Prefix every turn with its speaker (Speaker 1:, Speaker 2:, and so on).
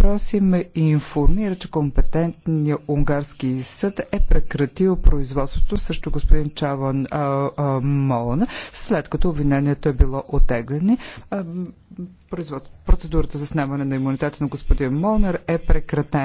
Speaker 1: въпроси ме информира, че компетентният унгарски съд е прекратил производството срещу господин Чаван а, а, след като обвинението е било отеглено. Процедурата за снемане на имунитета на господин
Speaker 2: Молнер е прекратена.